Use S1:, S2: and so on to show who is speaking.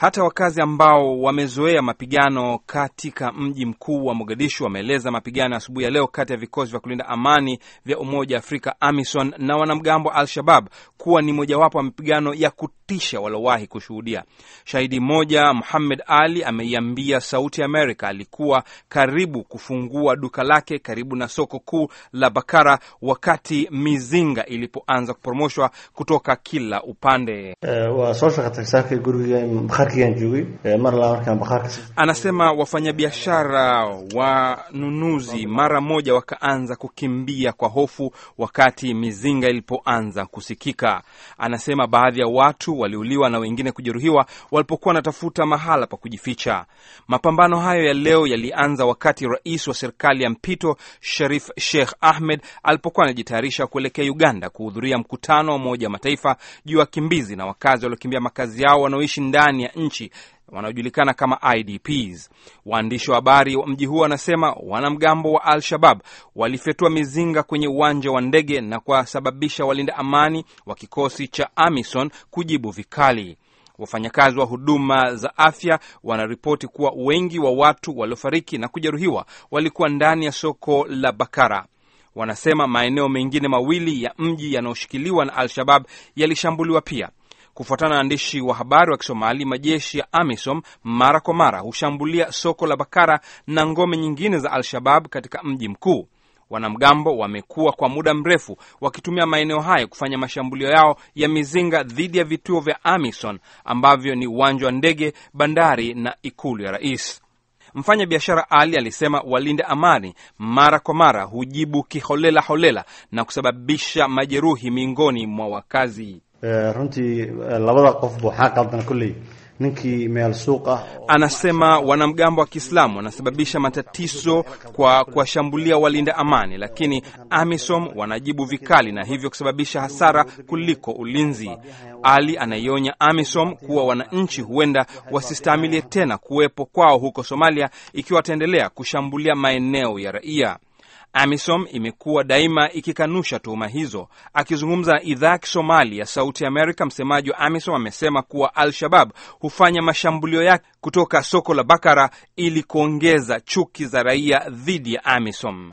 S1: Hata wakazi ambao wamezoea mapigano katika mji mkuu wa Mogadishu wameeleza mapigano asubuhi ya leo kati ya vikosi vya kulinda amani vya Umoja wa Afrika AMISON na wanamgambo wa Al-Shabab kuwa ni mojawapo wa mapigano ya kutisha waliowahi kushuhudia. Shahidi mmoja Muhamed Ali ameiambia Sauti Amerika alikuwa karibu kufungua duka lake karibu na soko kuu la Bakara wakati mizinga ilipoanza kuporomoshwa kutoka kila upande. Uh, Eh, Anasema wafanyabiashara wanunuzi mara moja wakaanza kukimbia kwa hofu wakati mizinga ilipoanza kusikika. Anasema baadhi ya watu waliuliwa na wengine kujeruhiwa walipokuwa wanatafuta mahala pa kujificha. Mapambano hayo ya leo yalianza wakati rais wa serikali ya mpito Sharif Sheikh Ahmed alipokuwa anajitayarisha kuelekea Uganda kuhudhuria mkutano wa Umoja wa Mataifa juu ya wakimbizi na wakazi waliokimbia makazi yao wanaoishi ndani ya nchi wanaojulikana kama IDPs. Waandishi wa habari wa mji huo wanasema wanamgambo wa Al-Shabab walifyatua mizinga kwenye uwanja wa ndege na kuwasababisha walinda amani wa kikosi cha AMISON kujibu vikali. Wafanyakazi wa huduma za afya wanaripoti kuwa wengi wa watu waliofariki na kujeruhiwa walikuwa ndani ya soko la Bakara. Wanasema maeneo mengine mawili ya mji yanayoshikiliwa na Al-Shabab yalishambuliwa pia. Kufuatana na waandishi wa habari wa Kisomali, majeshi ya AMISOM mara kwa mara hushambulia soko la Bakara na ngome nyingine za Al-Shabab katika mji mkuu. Wanamgambo wamekuwa kwa muda mrefu wakitumia maeneo hayo kufanya mashambulio yao ya mizinga dhidi ya vituo vya AMISON ambavyo ni uwanja wa ndege, bandari na ikulu ya rais. Mfanya biashara Ali alisema walinda amani mara kwa mara hujibu kiholela holela na kusababisha majeruhi miongoni mwa wakazi. Eh, runtii eh, labada qof buu qaldan kulley ninkii meel suuq ah anasema wanamgambo wa Kiislamu wanasababisha matatizo kwa kuwashambulia walinda amani, lakini AMISOM wanajibu vikali na hivyo kusababisha hasara kuliko ulinzi. Ali anaionya AMISOM kuwa wananchi huenda wasistamilie tena kuwepo kwao huko Somalia ikiwa wataendelea kushambulia maeneo ya raia. AMISOM imekuwa daima ikikanusha tuhuma hizo. Akizungumza idhaa ya Kisomali ya Sauti Amerika, msemaji wa AMISOM amesema kuwa Al-Shabab hufanya mashambulio yake kutoka soko la Bakara ili kuongeza chuki za raia dhidi ya AMISOM.